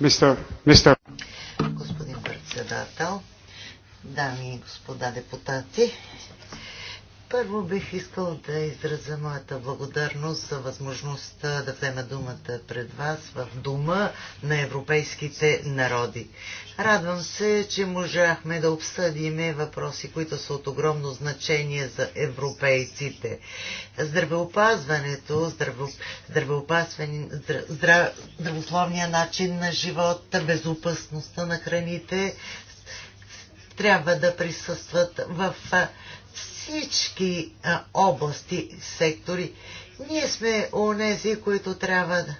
Мистер, мистер. Господин председател, дами и господа депутати, първо бих искал да изразя моята благодарност за възможността да взема думата пред вас в Дума на европейските народи. Радвам се, че можахме да обсъдиме въпроси, които са от огромно значение за европейците. Здравеопазването, здраве, здравеопазване, здрав, здравословния начин на живота, безопасността на храните трябва да присъстват в всички области, сектори. Ние сме онези, които трябва да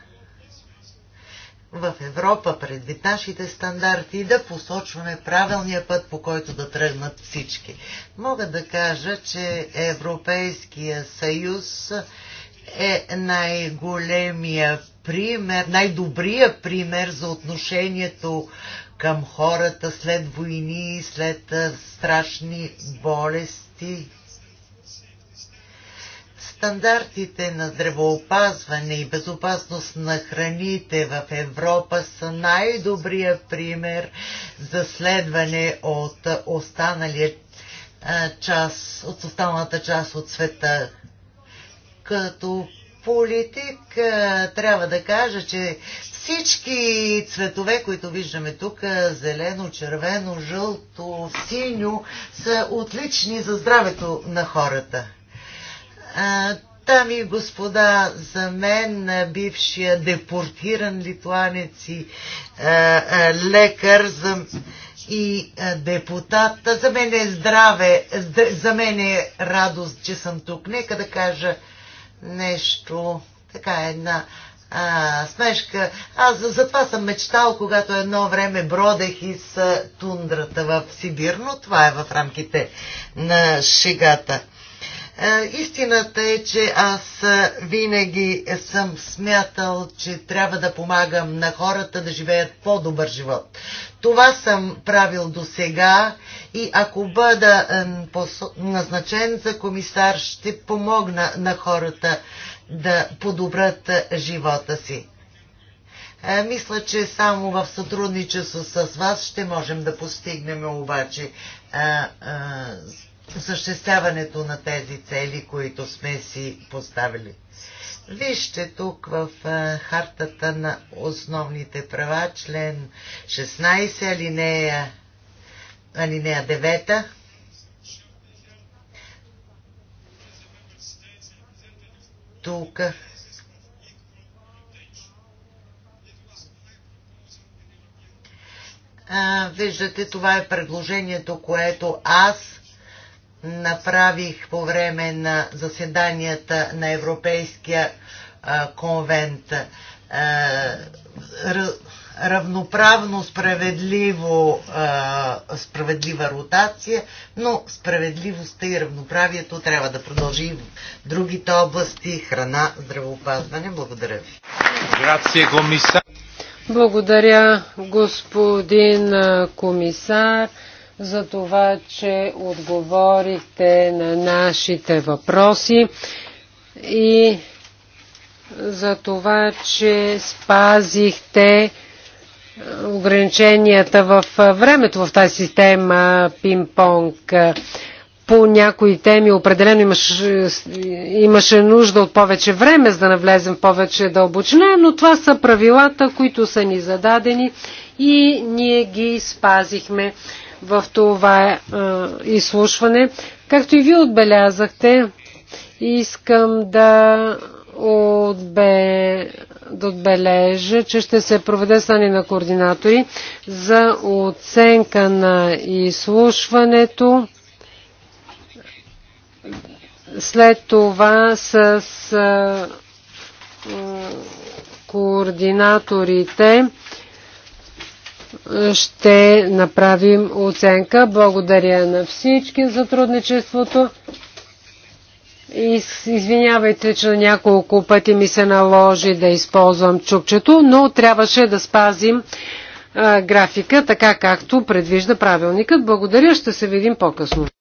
в Европа, предвид нашите стандарти, да посочваме правилния път, по който да тръгнат всички. Мога да кажа, че Европейския съюз е най-големия пример, най-добрия пример за отношението към хората след войни, след страшни болести. Стандартите на здравеопазване и безопасност на храните в Европа са най-добрия пример за следване от част, от останалата част от света. Като политик трябва да кажа, че всички цветове, които виждаме тук, зелено, червено, жълто, синьо, са отлични за здравето на хората. Там и господа, за мен бившия депортиран литуанец и лекар за, и депутат, за мен е здраве, за мен е радост, че съм тук. Нека да кажа нещо, така една а, смешка. Аз за това съм мечтал, когато едно време бродех из тундрата в Сибир, но това е в рамките на шегата. Е, истината е, че аз е, винаги съм смятал, че трябва да помагам на хората да живеят по-добър живот. Това съм правил до сега и ако бъда е, назначен за комисар, ще помогна на хората да подобрат живота си. Мисля, че само в сътрудничество с вас ще можем да постигнем обаче осъществяването на тези цели, които сме си поставили. Вижте тук в хартата на основните права, член 16, алинея, алинея 9. Тук а, виждате, това е предложението, което аз направих по време на заседанията на Европейския конвент. Равноправно справедливо, справедлива ротация, но справедливостта и равноправието трябва да продължи и в другите области храна, здравеопазване. Благодаря ви. Благодаря, господин комисар за това, че отговорихте на нашите въпроси и за това, че спазихте ограниченията в времето в тази система пинг-понг. По някои теми определено имаше, имаше нужда от повече време, за да навлезем повече дълбочина, но това са правилата, които са ни зададени и ние ги спазихме в това е, изслушване. Както и вие отбелязахте, искам да, отбе, да отбележа, че ще се проведе стане на координатори за оценка на изслушването. След това с е, координаторите ще направим оценка. Благодаря на всички за трудничеството. Извинявайте, че няколко пъти ми се наложи да използвам чукчето, но трябваше да спазим графика, така както предвижда правилникът. Благодаря, ще се видим по-късно.